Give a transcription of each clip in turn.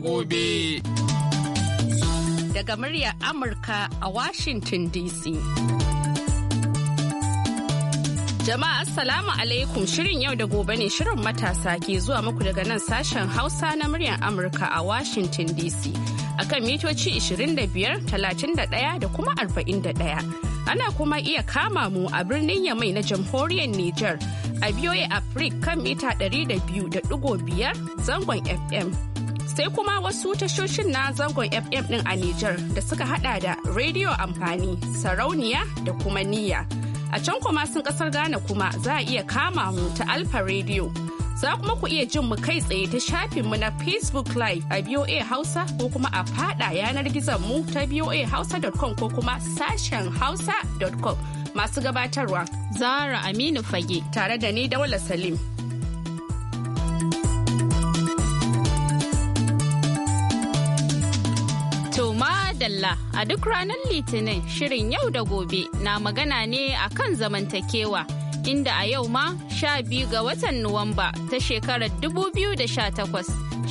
gobe. Daga muryar Amurka a Washington DC. Jama'a Assalamu alaikum shirin yau da gobe ne shirin matasa ke zuwa muku daga nan sashen Hausa na muryar Amurka a Washington DC. akan mitoci 25, 31 da kuma 41. Ana kuma iya kama mu a birnin Yamai na jamhuriyar Nijar a VOA Afrik kan mita 200.5 zangon FM. sai kuma wasu tashoshin na zangon FM din a Nijar da suka hada da Radio Amfani, Sarauniya da kuma Niyya. A can kuma sun kasar Ghana kuma za a iya kama mu ta Alfa Radio. Za kuma ku iya jin mu kai tsaye ta shafin mu na Facebook Live a BOA Hausa ko kuma a fada yanar gizon mu ta Hausa.com ko kuma sashen hausa.com masu gabatarwa. Zara Aminu Fage tare da ni Daula Salim. Madalla a duk ranar Litinin shirin yau da gobe na magana ne a kan zamantakewa inda a yau ma sha biyu ga watan Nuwamba ta shekarar 2018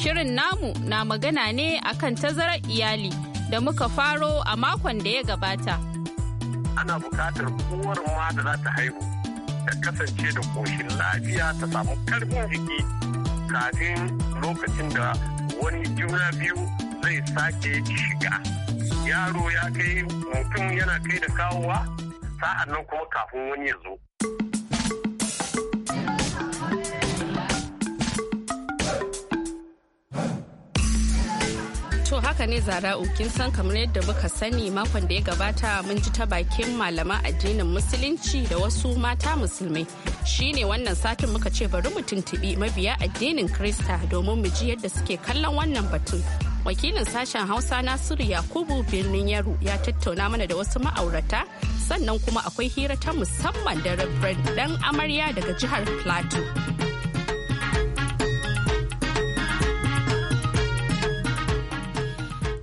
shirin namu na magana ne a kan tazarar iyali da muka faro a makon da ya gabata. Ana bukatar kowar ma da za ta haihu da kasance da koshin lafiya ta samu karfin jiki kafin lokacin da wani juna biyu zai sake shiga. yaro ya kai mutum yana kai da kawowa sa'an nan kuma kafin wani ya zo To haka ne zara kin san kamar yadda muka sani makon da ya gabata mun ji ta bakin malaman addinin musulunci da wasu mata musulmai. Shine wannan satin muka ce bari mu tuntuɓi mabiya addinin Krista domin mu ji yadda suke kallon wannan batun. wakilin sashen hausa nasiru yakubu birnin yaro ya tattauna mana da wasu ma'aurata sannan kuma akwai hira ta musamman da dan amarya daga jihar plateau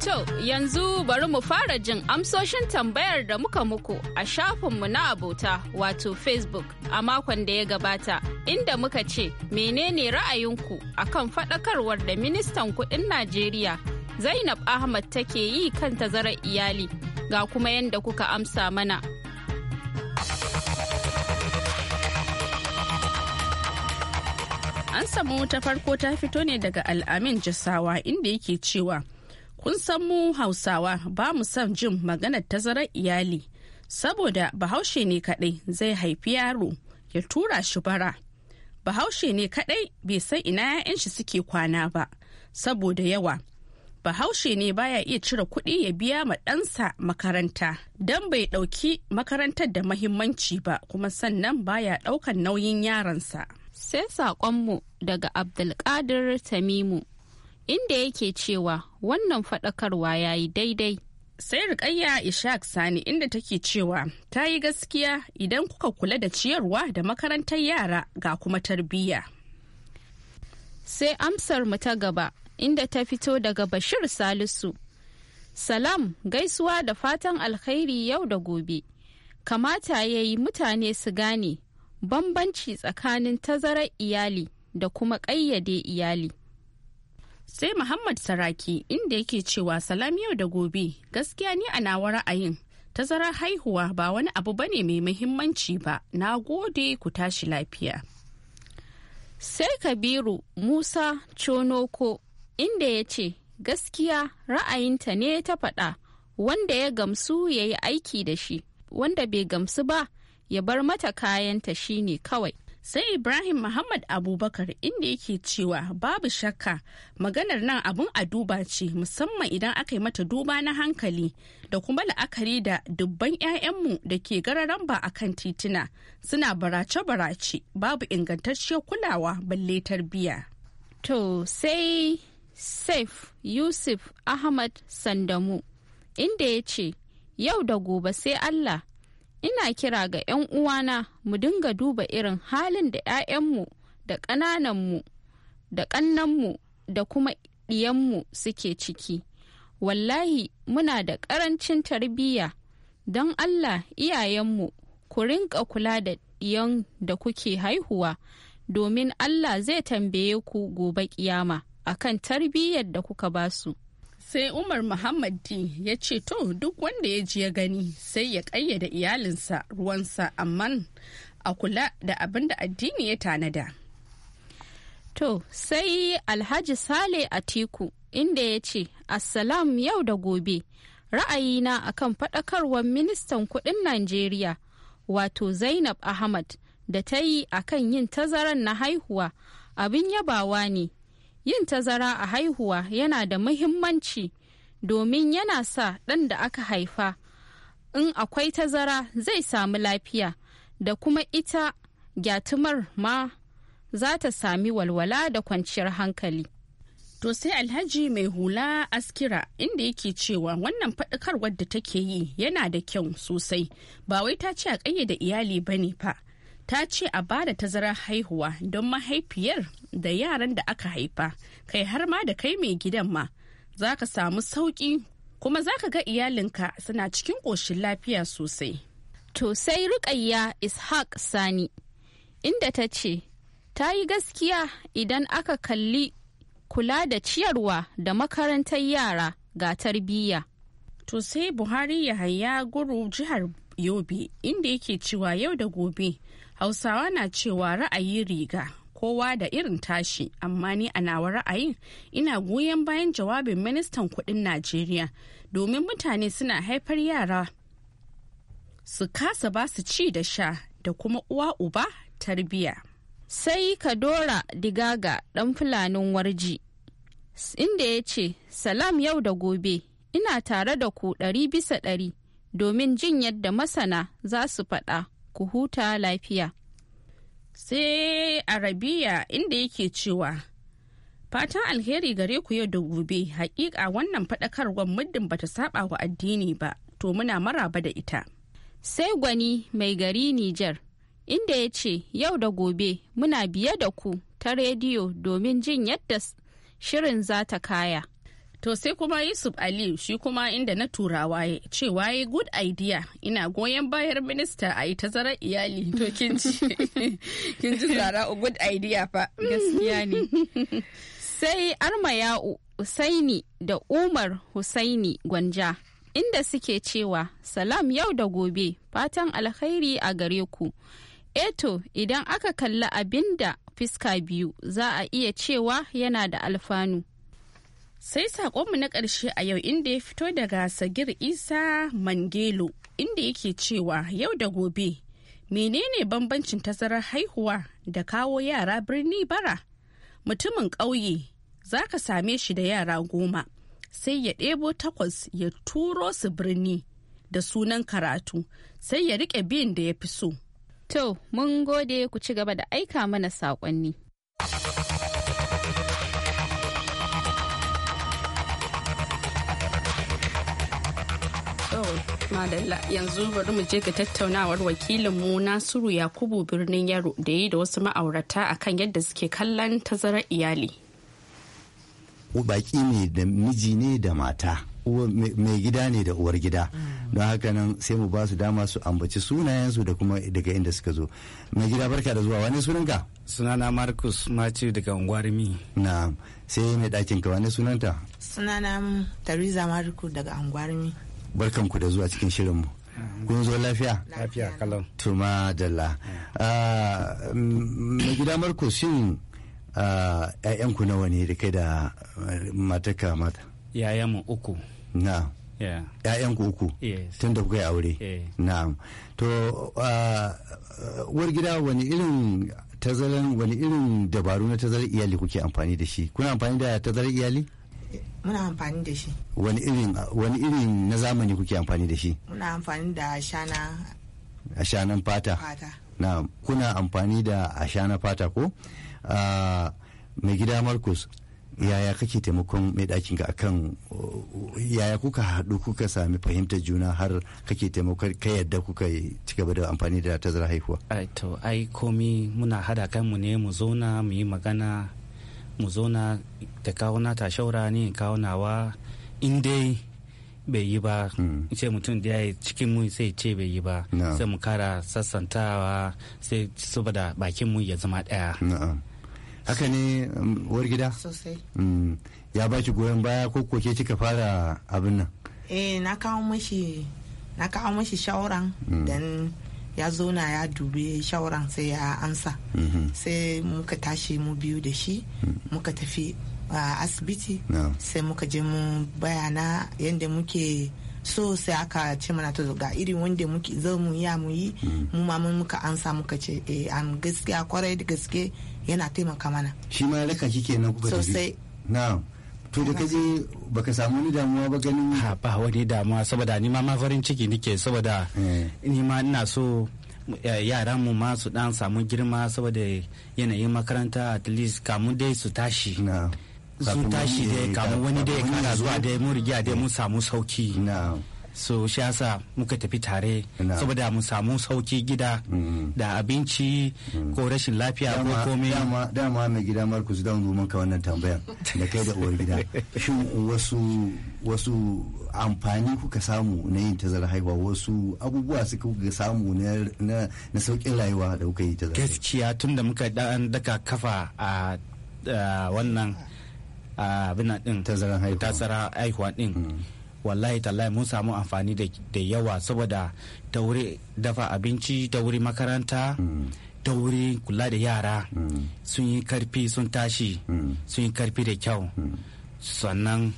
to yanzu bari mu fara jin amsoshin tambayar da muka muku a shafinmu na abota wato facebook a makon da ya gabata inda muka ce menene ra'ayinku akan faɗakarwar da ministan kuɗin najeriya Zainab Ahmad take yi kan tazarar iyali ga kuma yadda kuka amsa mana. An samu ta farko ta fito ne daga al'amin jisawa inda yake cewa kun san mu hausawa ba mu son jin maganar tazarar iyali saboda bahaushe ne kadai zai haifi yaro ya tura shi bara. Bahaushe ne kadai bai san ina 'ya'yan shi suke kwana ba saboda yawa bahaushe ne baya iya cire kuɗi ya biya ma ɗansa makaranta don bai ɗauki makarantar da mahimmanci ba kuma sannan baya ɗaukan nauyin yaransa. sai saƙonmu daga abdulkadir tamimu inda yake cewa wannan faɗakarwa ya yi daidai sai rikayya ishaq sani inda take cewa ta yi gaskiya idan kuka kula da ciyarwa da makarantar yara ga kuma tarbiyya sai amsar mu ta gaba inda ta fito daga Bashir Salisu. Salam gaisuwa da fatan alkhairi yau da gobe. Kamata ya yi mutane su gane bambanci tsakanin tazarar iyali da kuma ƙayyade iyali. Sai Muhammad Saraki inda yake cewa salam yau da gobe gaskiya ni a nawa ra'ayin tazarar haihuwa ba wani abu bane mai muhimmanci ba na gode ku tashi lafiya. Sai Kabiru Musa Chonoko inda ya ce gaskiya ra'ayinta ne ta faɗa wanda ya gamsu ya yi aiki da shi wanda bai gamsu ba ya bar mata kayanta shi ne kawai sai ibrahim muhammad abubakar inda yake cewa babu shakka maganar nan abun a duba ce musamman idan aka yi mata duba na hankali da kuma la'akari da dubban 'ya'yanmu da ke gararan ba a kan tituna suna barace-barace babu ingantacciyar kulawa balle tarbiyya to sai saif yusuf ahmad sandamu inda ya ce yau da gobe sai allah ina kira ga 'yan uwana mu dinga duba irin halin da 'ya'yanmu da ƙanananmu da ƙannanmu da kuma ɗiyanmu suke ciki wallahi muna da ƙarancin tarbiyya don allah iyayenmu ku rinƙa kula da ɗiyan da kuke haihuwa domin allah zai tambaye ku gobe ƙiyama. akan tarbiyyar da kuka ba su. sai umar muhammad d ya ce to duk wanda ya ji ya gani sai ya ƙayyada iyalinsa ruwansa amma a kula da abin da addini ya tanada to sai alhaji sale atiku inda ya ce assalam yau da gobe ra'ayi na akan faɗakarwar ministan kuɗin najeriya wato zainab ahmad da ta yi akan yin tazaran na haihuwa abin yabawa ne yin tazara a haihuwa yana da muhimmanci domin yana sa ɗan da aka haifa in akwai tazara zai samu lafiya da kuma ita gyatumar ma za ta sami walwala da kwanciyar hankali. To sai Alhaji mai hula askira inda yake cewa wannan faɗakarwar da take yi yana da kyau sosai ba wai ta ce a ƙayyade iyali bane fa ta ce a ba da tazarar haihuwa don mahaifiyar da yaran da aka haifa kai har ma da kai mai gidan ma za ka samu sauƙi kuma za ka ga iyalinka suna cikin ƙoshin lafiya sosai. To sai Rukayya Ishaq Sani inda ta ce ta yi gaskiya idan aka kalli kula da ciyarwa da makarantar yara ga tarbiyya. To sai Buhari haya Guru jihar yobe inda yake cewa yau da gobe hausawa na cewa ra'ayi riga kowa da irin tashi amma ni a nawa ra'ayin ina goyon bayan jawabin ministan kudin najeriya domin mutane suna haifar yara su kasa ba su ci da sha da kuma uwa uba tarbiya sai kadora digaga dan fulanin warji inda ya ce salam yau da gobe ina tare da ku ɗari bisa ɗari domin jin yadda masana za su faɗa ku huta lafiya. Sai Arabiya inda yake cewa, Fatan alheri gare ku yau da gobe, hakika wannan faɗakarwar muddin bata saba wa addini ba, to muna maraba da ita. Sai gwani mai gari Nijar, inda ya ce yau da gobe muna biye da ku ta rediyo domin jin yadda shirin za ta kaya. To sai kuma Yusuf Ali shi kuma inda na turawa ya ce waye good idea ina goyon bayar minista a yi tazarar iyali to kin ji kin ji good idea fa gaskiya ne. Sai Armayau Usaini da Umar Husaini Gwanja inda suke cewa salam yau da gobe fatan alkhairi a gare ku. Eto eh idan aka kalli abinda fiska biyu za a iya cewa yana da alfanu. Sai saƙonmu na ƙarshe a yau inda ya fito daga Sagir Isa Mangelo inda yake cewa yau da gobe menene bambancin tazarar haihuwa da kawo yara birni bara? Mutumin ƙauye za ka same shi da yara goma sai ya ɗebo takwas ya turo su birni da sunan karatu sai ya riƙe biyan da ya fi so. To, mun gode ku ci gaba da aika mana saƙonni. madalla yanzu bari mu je ga tattaunawar wakilinmu nasiru yakubu birnin yaro da yi da wasu ma'aurata akan yadda suke kallon tazarar iyali baki ne da miji ne da mata mai gida ne da uwar gida don haka nan sai mu ba su dama su ambaci sunayensu da kuma daga inda suka zo mai gida barka da zuwa wani sunanka sunana marcus maci daga unguwarmi na sai mai ɗakin ka wani sunanta sunana tariza marcus daga unguwarmi barkanku da zuwa cikin shirinmu kun zo lafiya lafiya kalau tuma dalla ah, mai gida marko shin ah, ƴaƴanku nawa ne da kai da mataka mata mu uku na ku uku tun da kuka yi aure eh. na. to ah, uwar gida wani irin tazaran wani irin dabaru na tazarar iyali kuke amfani da shi kuna amfani da tazarar iyali muna amfani da shi wani irin na zamani kuke amfani da shi muna amfani da ashana ashanan fata na kuna amfani da ashana fata ko ah, mai gida marcus yaya kake taimakon mai ɗakin ka akan yaya kuka haɗu kuka sami fahimtar juna har kake taimakon ka yadda kuka ci gaba da amfani da tazara haihuwa ai to ai komi muna hada kanmu ne mu zauna mu yi magana mu na ta kawo ta shaura ne kawo nawa in dai bai yi ba hmm. ce mutum da ya cikin mu sai ce bai yi ba sai mu kara sassantawa sai saboda bakin mu ya zama daya haka ne um, war gida ya hmm. ya baki goyon baya ko koke kika fara abin nan eh na kawo mashi na kawo mashi shawaran hmm. dan ya zauna ya dubi shawaran sai ya amsa mhm. sai muka tashi mu biyu da shi muka tafi a asibiti sai muka je mu bayana yadda muke so sai aka ce mana to ga irin wanda muke zo mu ya mu yi mhm. mu ma mun muka ansa muka ce eh an gaskiya kwarai da gaske yana taimaka mana shi ma ya raka kike na kuka tafi sosai to da kaje baka samu wani damuwa ba ganin ha ba wani damuwa saboda ni ma ma farin ciki nake saboda eh. ni ma ina so yara mu ma su dan samu girma saboda yanayin makaranta at least kamu dai su tashi su tashi dai kamun wani dai kana zuwa dai mun riga dai mun samu sauki na'am so shi yasa muka tafi tare saboda mu samu sauki gida mm-hmm. da abinci ko mm-hmm. rashin lafiya ko komai dama mai gida markus da mu ka wannan tambayar da kai da uwar gida shin wasu wasu amfani kuka samu na yin tazara haihuwa wasu abubuwa suka kuka samu na sauƙin rayuwa da kuka yi tazara gaskiya tun da muka daka kafa a wannan abin din tazara haihuwa din wallahi tallahi mun samu amfani da yawa saboda ta wuri dafa abinci ta wuri makaranta ta wuri kula da yara sun yi karfi sun tashi sun yi karfi da kyau sannan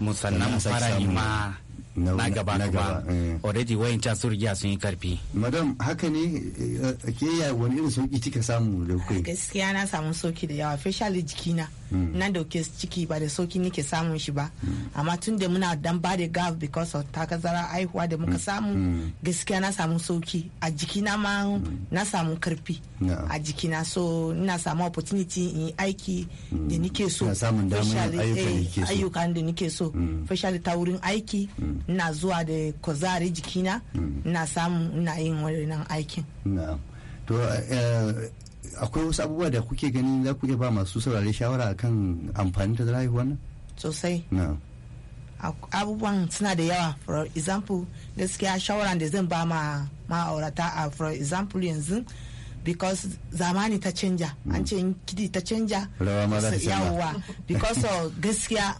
mu fara yi ma na gaba kuma eh. already wayan can sun riga sun yi karfi. madam haka ne eh, eh, ke ya wani irin sauki kika samu da kai gaskiya na samu sauki da yawa facial jikina Mm. na dauke ciki ba da sauki nake samun shi ba mm. amma tun da muna dan ba da gaf because of takazara aihuwa da muka mm. samu gaskiya na samu sauki a jikina ma na samu karfi a jikina so ina samu opportunity in yi aiki da eh, nike so ayyukan da nike so fashali ta wurin aiki ina zuwa da kuzari jikina ina samu ina yin wannan aikin akwai wasu abubuwa da kuke gani za ku iya ba masu saurare shawara kan amfani ta haihuwa wannan. sosai abubuwan suna da yawa for example gaskiya shawara da zan ba ma ma'aurata a for example yanzu because zamani ta canja an mm. ce kidi ta canja rawa yawa because gaskiya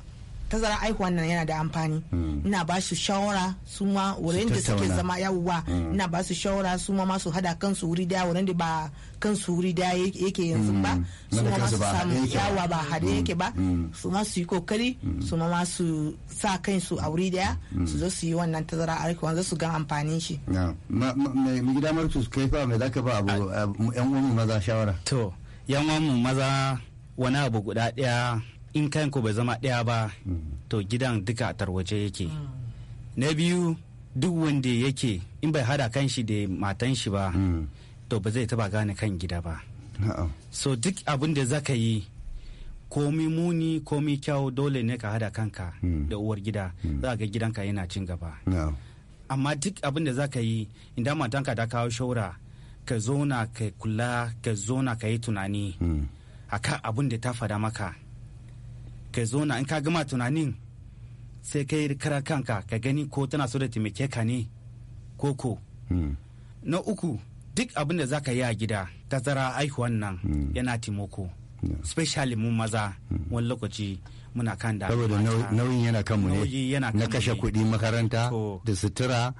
tazarar aihuwa nan yana da amfani hmm. ina ba su shawara su ma wurin da suke zama yawuwa hmm. ina ba su shawara su ma masu hada kansu wuri daya wurin da ba kansu wuri daya yake yanzu ba hmm. su ma masu samu yawa ba hade yake ba su ma su yi kokari su ma su sa kansu a wuri daya su zo su yi wannan tazara aihuwa za su ga amfanin shi mai gida marcus kai fa mai zaka ba abu yan uwan maza shawara to yan uwan maza wani abu guda daya in kayan ko bai zama ɗaya ba to gidan duka a tarwace yake na biyu duk wanda yake in bai hada kan shi da matan shi ba to ba zai taba gane kan gida ba so duk abin da zaka yi komi muni komi kyau dole ne ka hada kanka hmm. da uwar gida hmm. za ga gidanka yana cin gaba amma duk abin da zaka yi idan matanka ta kawo shaura ka zona ka kula ka zona ka yi tunani hmm. akan abin da ta fada maka ka zo na in ka gama tunanin sai kai kara kanka ka gani ko tana so da taimake ka ne ko ko hmm. na uku duk abin da ka yi a gida ta tsara aihuwan nan hmm. yana taimako especially mu maza hmm. wani lokaci muna kan da saboda nauyin yana kan mu ne na kashe kuɗi makaranta da sutura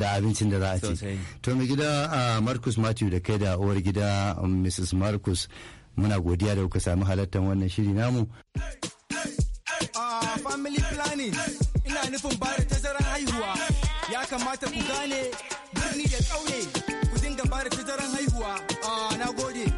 da abincin da za a ci to mai gida ah, marcus matthew da kai da uwar gida mrs marcus muna godiya da kuka sami halartar wannan shiri namu. family planning ina nufin ba da tazarar haihuwa ya kamata ku gane birni da ƙauye ku dinga ba da tazarar haihuwa ah, na gode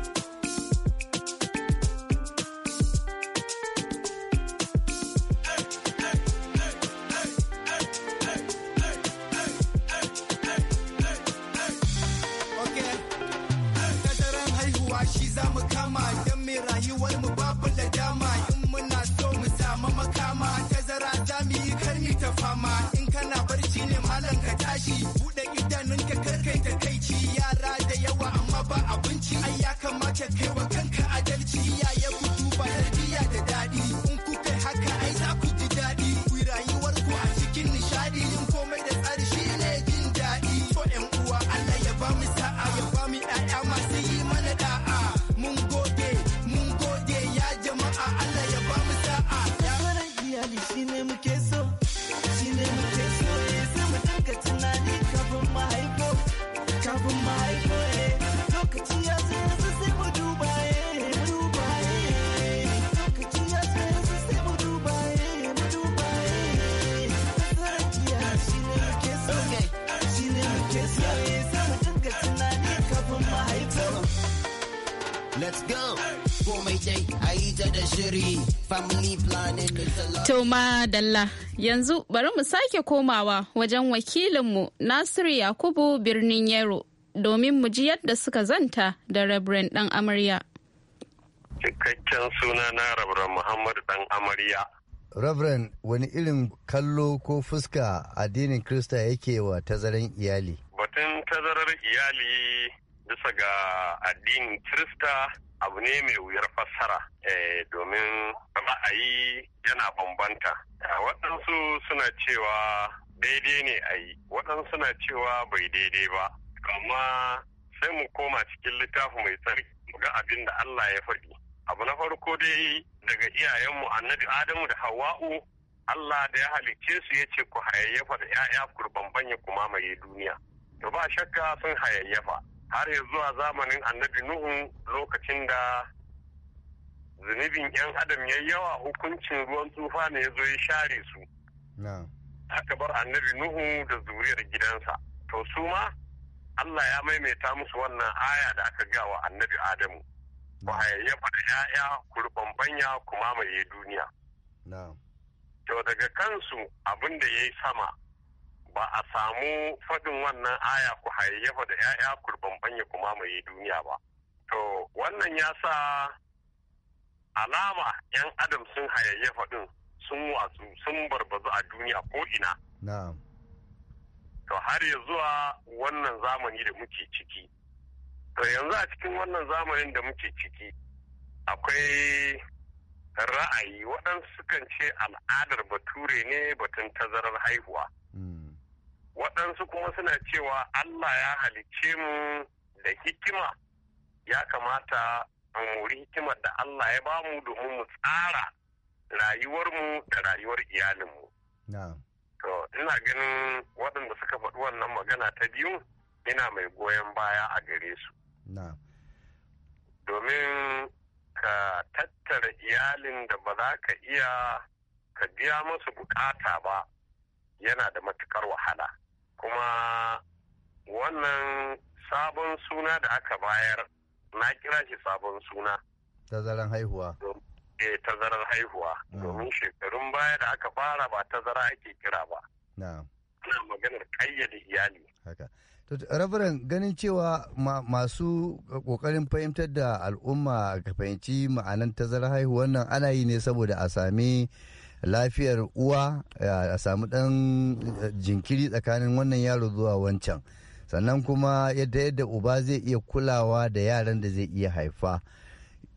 my To Dalla yanzu bari mu sake komawa wajen wakilinmu Nasiru Yakubu birnin Yero domin mu ji yadda suka zanta da Rabren dan amarya. Cikakken suna na Rabren Muhammad ɗan amarya. Rabren wani irin kallo ko fuska addinin Krista yake wa tazarar iyali? Batun tazarar iyali bisa ga addinin Krista abu ne mai wuyar fassara eh, domin ra'ayi yana bambanta eh, waɗansu suna cewa daidai ne a yi waɗansu suna cewa bai daidai ba amma sai mu koma cikin littafi mai tsarki Muga ga abin da Allah ya faɗi abu na farko dai daga iyayenmu annabi adamu da hawa'u Allah da ya halicce su ya ce ku hayayyafa da 'ya'ya ku bambanya ku mamaye duniya to ba shakka sun hayayyafa har ya zuwa zamanin annabi nuhu lokacin da zunubin 'yan adam ya yawa hukuncin ruwan tsufa ne ya zo ya share su Haka bar annabi nuhu da zuriyar gidansa to su ma allah ya maimaita musu wannan aya da aka ga wa annabi adamu ba hayayyafa da 'ya'ya kurbambanya kuma mai duniya to daga kansu abin da ya yi sama ba a samu faɗin wannan aya ku hayayyafa da 'ya'ya kurban banya kuma mai duniya ba. To wannan ya sa alama 'yan adam sun hayayyafa din sun watsu sun barbazu a duniya ko ina. To har ya zuwa wannan zamani da muke ciki. To yanzu a cikin wannan zamanin da muke ciki akwai ra'ayi waɗansu kan ce al'adar bature ne batun tazarar haihuwa. Mm. waɗansu kuma suna cewa Allah ya halicce mu da hikima ya kamata mu mori hikimar da Allah ya ba mu domin mu tsara rayuwarmu da rayuwar iyalinmu. To, ina ganin waɗanda suka faɗi wannan magana ta biyu ina mai goyon baya a gare su. Domin ka tattara iyalin da ba za ka iya ka biya masu bukata ba yana da matukar wahala. kuma wannan sabon suna da aka bayar na kira shi sabon suna tazaran haihuwa e eh, tazarar haihuwa domin shekarun baya da aka fara ba tazara ake kira ba na maganar kayyade iyali haka Rabaran ganin cewa masu kokarin fahimtar da al'umma ka fahimci ma'anan tazarar haihuwa nan ana yi ne saboda a sami lafiyar uwa a samu ɗan eh, jinkiri tsakanin wannan yaro zuwa wancan sannan kuma yadda yadda uba zai iya kulawa da yaran da zai iya haifa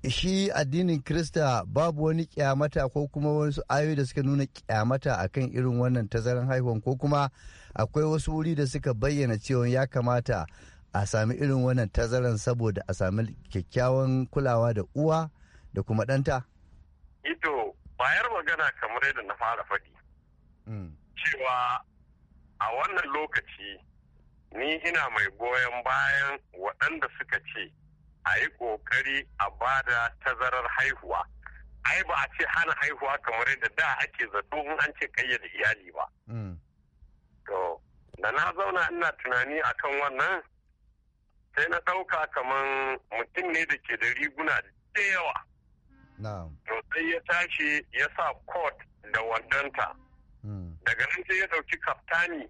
shi addinin krista babu wani kyamata ko kuma wasu ayoyi da suka nuna kyamata akan irin wannan tazaran haihuwan ko kuma akwai wasu wuri da suka bayyana cewa ya kamata a sami irin wannan tazaran saboda a sami kyakkyawan kulawa da uwa da kuma ɗanta? Ito bayar magana kamar yadda na fara faɗi mm. cewa a wannan lokaci ni ina mai goyon bayan waɗanda suka ce a yi ƙoƙari a ba da tazarar haihuwa ai ba a ce hana haihuwa kamar yadda da ake zato in an ce kayyade iyali ba mm. to da na zauna ina tunani akan wannan sai na ɗauka kamar mutum ne da ke da riguna da yawa To sai ya tashi ya sa kot da wandonta. Hmm. Daga nan sai ya ɗauki kaftani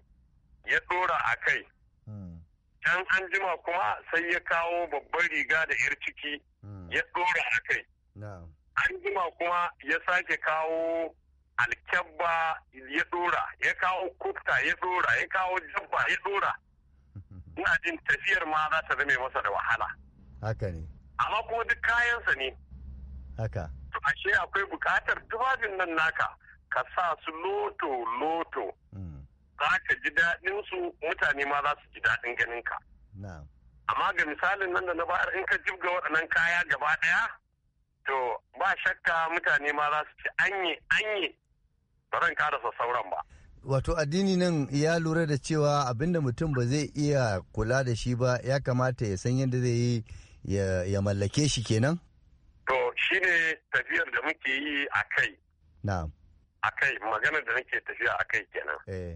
ya ɗora a kai. Hmm. Can an jima kuma sai ya kawo babban riga da yar ciki hmm. ya ɗora a kai. An jima kuma ya sake kawo alkyabba ya ɗora, ya kawo kufta ya ɗora, ya kawo jabba ya ɗora. Ina jin tafiyar ma za ta zame masa da wahala. Haka ne. Amma kuma duk kayansa ne. haka to ashe akwai bukatar tufafin nan naka ka sa su loto loto hmm. za ka ji daɗin su mutane ma za su ji daɗin ganin ka amma ga misalin nan da na bayar in ka jibga waɗannan kaya gaba ɗaya to ba shakka mutane ma za su ci anyi anyi ba zan sa sauran ba wato addini nan ya lura da cewa abinda mutum ba zai iya kula da shi ba ya kamata ya san yadda zai yi ya mallake shi kenan To shi ne tafiyar da muke yi a kai. A kai maganar da nake tafiya a kai kenan. Eh.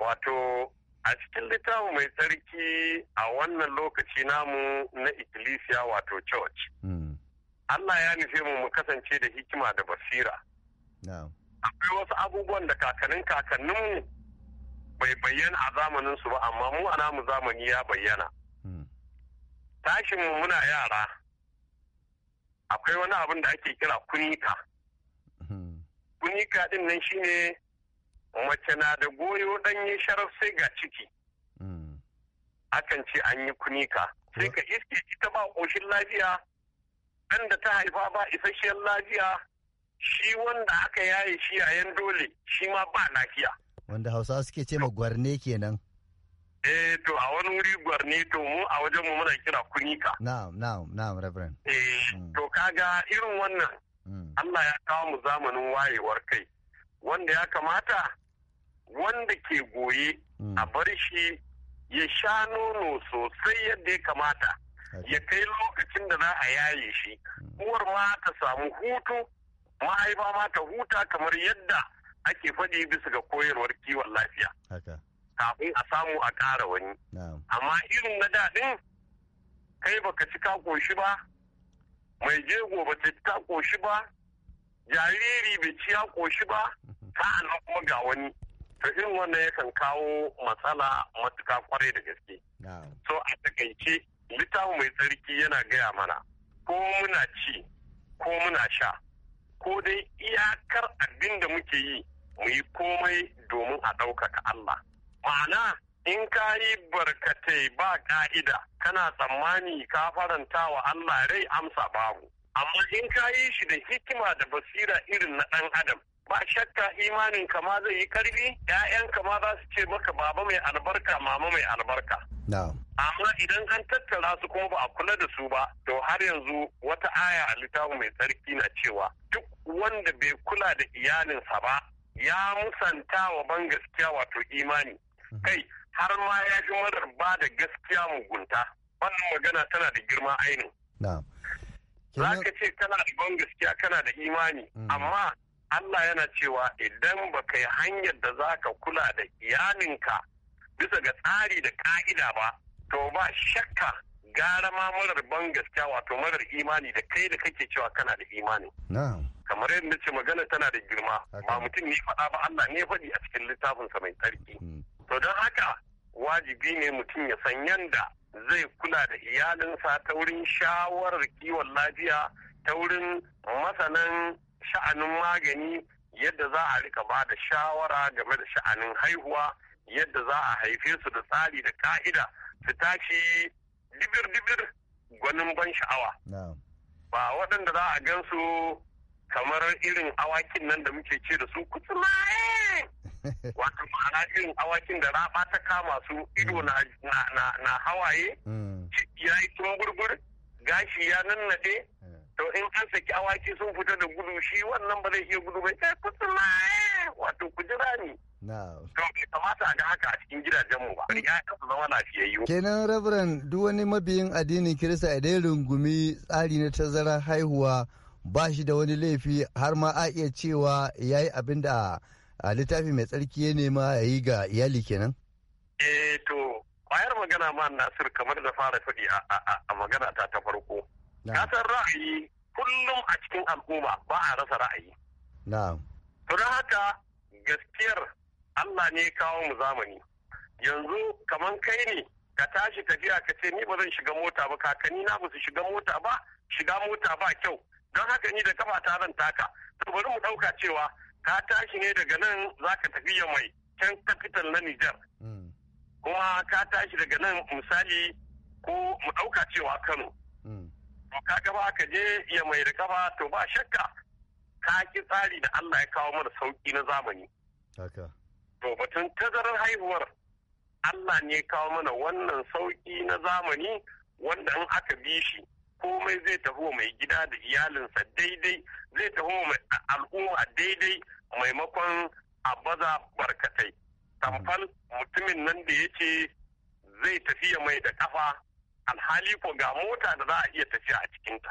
Wato a cikin littafin mai tsarki a wannan lokaci namu na ikkilisiya wato church. Hmm. Allah ya nufe mu mu kasance da hikima da basira. Akwai wasu abubuwan da kakannin kakanninmu bai bayyana a zamaninsu ba amma mu a namu zamani ya bayyana. Hmm. Tashinmu muna yara. akwai wani abin da ake kira kunika hmm. kunika din nan shine mace na da goyo ɗanye sharar sai ga ciki hmm. akan ce an yi kunika sai ka iske ita ba ƙoshin lafiya ɗan da ta haifa ba isasshen lafiya shi wanda aka yaye shi yayan dole shi ma ba lafiya wanda hausa suke ce ma gwarne kenan Eh to a wani wuri gwarni to mu a wajen mu muna kira kunika. Na'am na'am na'am Reverend. Eh mm. to kaga irin wannan mm. Allah ya kawo mu zamanin wayewar kai wanda ya kamata wanda ke goye mm. a bar shi ya sha nono sosai yadda ya kamata ya kai lokacin da za a yaye shi uwar ma ta samu hutu mahaifa ma ta huta kamar yadda ake faɗi bisa ga koyarwar kiwon lafiya. kafin a samu a ƙara wani amma irin na daɗin kai baka cika koshi ƙoshi ba mai jego ba ta cika ƙoshi ba jariri bai ci ƙoshi ba sa'annan kuma ga wani to irin wannan yakan kawo matsala matuka kwarai da gaske so a takaice littafin mai tsarki yana gaya mana ko muna ci ko muna sha ko dai iyakar abin da muke yi mu yi komai domin a ɗaukaka Allah ma'ana in ka yi barkatai ba ka'ida kana tsammani ka faranta wa Allah rai amsa babu amma in ka yi shi da hikima da basira irin na ɗan adam ba shakka imanin kama zai yi karfi ‘ya'yan kama za su ce maka baba mai albarka mama mai albarka amma idan an tattara su kuma ba a kula da su ba to har yanzu wata aya a littafin mai tsarki na cewa duk wanda bai kula da iyalinsa ba ya musanta wa ban gaskiya wato imani kai har ma ya fi madar ba da gaskiya mugunta wannan magana tana da girma ainihin za ka ce kana da ban gaskiya kana da imani mm. amma Allah yana cewa idan ba ka yi hanyar da za ka kula da iyalinka bisa ga tsari da ka'ida ba to ba shakka gara ma marar ban gaskiya wato marar imani da kai da kake cewa kana da imani. Kamar yadda ce magana tana da girma ba mutum ne faɗa ba Allah ne faɗi a cikin littafinsa mai tsarki. Mm. To don haka wajibi ne mutum ya san yanda zai kula da iyalinsa ta wurin shawarar kiwon lafiya ta wurin masanan sha'anin magani yadda za a rika ba da shawara game da sha'anin haihuwa yadda za a haife su da tsari da ka'ida su tashi dibir-dibir gwanin ban sha'awa. Ba waɗanda za a gansu kamar irin awakin nan da muke ce da su kutsuma Wato ma'ana irin awakin da raba ta kama su ido mm. na hawaye, mm. ya yi tumburgur, gashi ya nannade, eh. to in an saki awaki sun fita da gudu shi wannan ba zai iya gudu ba eh, na kusuma eh, wato ku jira ni to bai a ga haka a cikin gidajen mu ba ya zama lafiyayyu kenan rabran duk wani mabiyin addinin kirista a rungumi tsari na tazarar haihuwa ba shi da wani laifi har ma a iya cewa ya yi abin da a littafi mai tsarki ya nema ya yi ga iyali kenan? Eh to, kwayar magana ma Nasir kamar da fara faɗi a magana ta ta farko. Ka san ra'ayi kullum a cikin al'umma ba a rasa ra'ayi. Na'am. To don haka gaskiyar Allah ne kawo mu zamani. Yanzu kamar kai ne ka tashi tafiya ka ce ni ba zan shiga mota ba kakanni na ba su shiga mota ba shiga mota ba kyau don haka ni da kafa ta zan taka to bari mu ɗauka cewa ka tashi ne daga nan za ka tafi mai can capital na Nijar. Mm. Kuma ka tashi daga nan misali ko mu ɗauka cewa Kano. Mm. To ka gaba ka je mai da gaba to ba shakka ka ki tsari da Allah ya kawo mana sauki na zamani. To batun tazarar haihuwar Allah ne ya kawo mana wannan sauki na zamani wanda in aka bi shi komai zai taho mai gida da iyalinsa daidai zai taho mai al'umma daidai maimakon a baza barkatai tamfal mutumin nan da ya ce zai tafiya mai da kafa alhali ko ga mota da za a iya tafiya a cikinta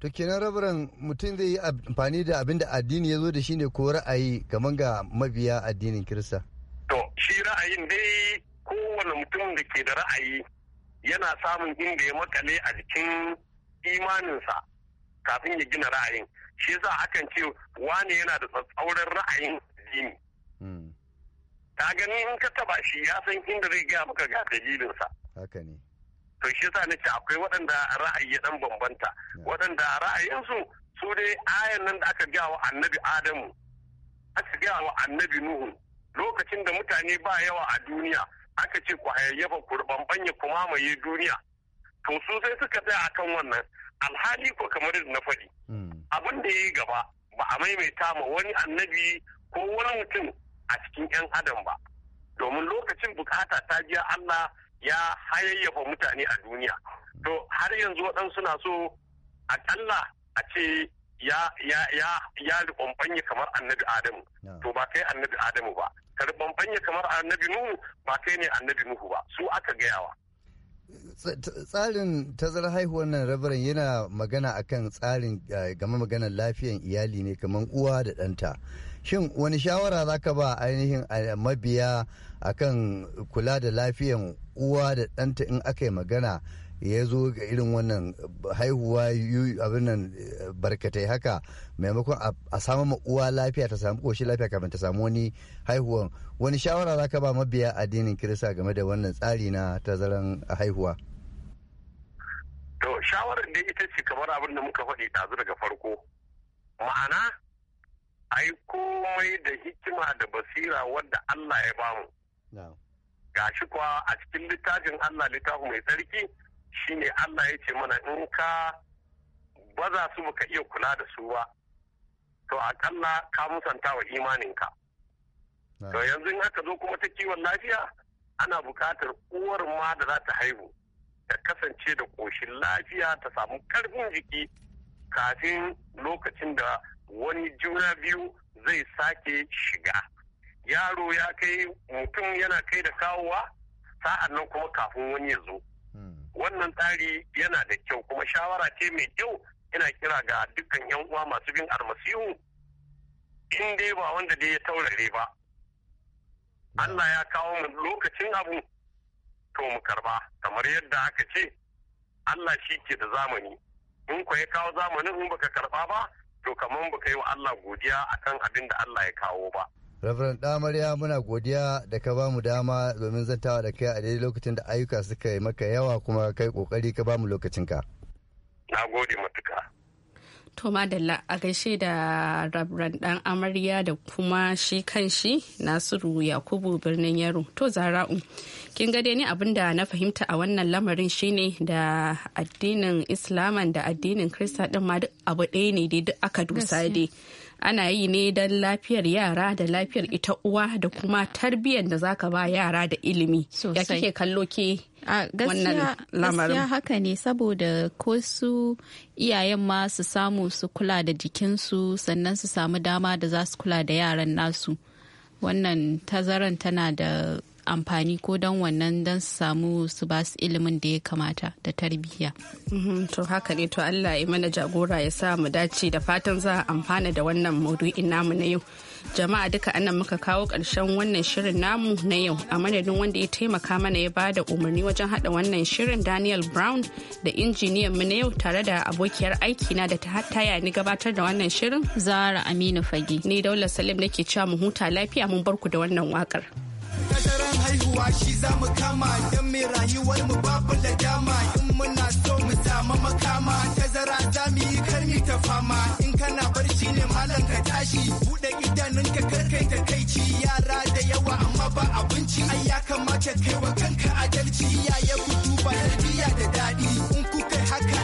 to kenan rabaran mutum zai yi amfani da abin da addini ya zo da shi ne ko ra'ayi gaman ga mabiya addinin kirista to shi ra'ayin dai kowane mutum da ke da ra'ayi yana samun inda ya makale a jikin imaninsa kafin ya gina ra'ayin shi yasa akan ce wane yana da tsatsauran ra'ayin addini ta hmm. gani in ka taba shi ya san inda zai gaya maka ga dalilinsa haka ne to shi yasa nace akwai waɗanda ra'ayi ya dan bambanta waɗanda ra'ayinsu su dai ayan nan da aka gaya wa annabi adamu aka gaya wa annabi nuhu lokacin da mutane ba yawa a duniya aka ce ku hayayyafa ku bambanye ku mamaye duniya to su sai suka tsaya kan wannan alhali ko kamar na faɗi hmm. abin da ya yi gaba ba a maimaita ma wani annabi ko wani mutum a cikin 'yan adam ba domin lokacin bukata ta biya Allah ya hayayyafa mutane a duniya to har yanzu waɗansu suna so akalla a ce ya ya ya kamar annabi adamu to ba kai annabi adamu ba ka kamar annabi nuhu ba kai ne annabi nuhu ba su aka gayawa tsarin tazarar haihuwar nan rabarin yana magana akan tsarin eh, game maganar lafiyan iyali ne kamar uwa da ɗanta shin wani shawara za ka ba ainihin eh, mabiya akan kula da lafiyan uwa da ɗanta in aka yi magana ya zo ga irin wannan haihuwa abin nan barkatai haka maimakon a samu uwa lafiya ta samu koshi lafiya kafin ta samu wani haihuwan wani shawara za ka ba mabiya addinin kirista game da wannan tsari na tazaran haihuwa to shawarar da ita ce kamar abin da muka faɗi tazu daga farko ma'ana ai komai da hikima da basira wadda Allah ya bamu gashi kuwa a cikin littafin Allah littafin mai tsarki shine Allah ya ce mana in ka baza su baka iya kula da su ba to akalla ka musanta wa imaninka to yanzu in aka zo kuma ta kiwon lafiya ana buƙatar uwar ma da za ta haihu ta kasance da ƙoshin lafiya ta samu ƙarfin jiki kafin lokacin da wani juna biyu zai sake shiga yaro ya kai mutum yana kai da kawowa sa'an nan kuma kafin wani ya zo wannan tsari yana da kyau kuma shawara ce mai kyau ina kira ga dukkan yan uwa masu bin almasihu in dai ba wanda dai ya taurare ba Allah ya kawo mu lokacin abu to mu karba kamar yadda aka ce Allah shi ke da zamani in ku ya kawo zamanin in baka karba ba to kamar baka yi wa Allah godiya akan abin da Allah ya kawo ba Reverend Damariya muna godiya da ka bamu dama domin zantawa da kai a daidai lokacin da ayyuka suka yi maka yawa kuma kai kokari ka bamu lokacinka. Na gode matuka. To madalla a gaishe da rabran dan amarya da kuma shi kan shi Nasiru Yakubu birnin Yaro. To Zara'u, kin ga dai ni abin da na fahimta a wannan lamarin shine da addinin Islaman da addinin Kirista din ma duk abu ɗaya ne dai duk aka dusa dai. ana yi ne don lafiyar yara da lafiyar ita uwa da kuma tarbiyyar da zaka ba yara da ilimi ya kike kallo ke wannan lamarin gaskiya haka ne saboda ko su iyayen ma su samu su kula da jikinsu sannan su samu dama da za su kula da yaran nasu wannan tazaran tana da amfani ko don wannan don su samu su ba su ilimin da ya kamata da tarbiyya. Mhm, to haka ne to Allah ya mana jagora ya sa mu dace da fatan za a amfana da wannan maudu'in namu na yau. Jama'a duka annan muka kawo ƙarshen wannan shirin namu na yau a madadin wanda ya taimaka mana ya ba da umarni wajen haɗa wannan shirin Daniel Brown da injiniyan mu na yau tare da abokiyar aiki na da ta taya ni gabatar da wannan shirin. Zara Aminu Fage. Ni Daula Salim nake cewa mu huta lafiya mun barku da wannan wakar. Tazaran haihuwa shi za mu kama don mai rayuwar mu babu da dama in muna so mu samu makama tazara za mu yi karni ta fama in kana barci ne malam ka tashi buɗe idanun ka karkai ta ci yara da yawa amma ba abinci ai ya kamata kai wa kanka adalci yaya ku duba tarbiyya da daɗi in kuka haka